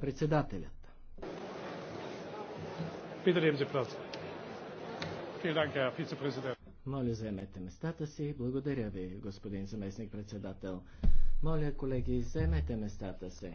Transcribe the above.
Председателят. Моля, заемете местата си. Благодаря ви, господин заместник председател. Моля, колеги, заемете местата си.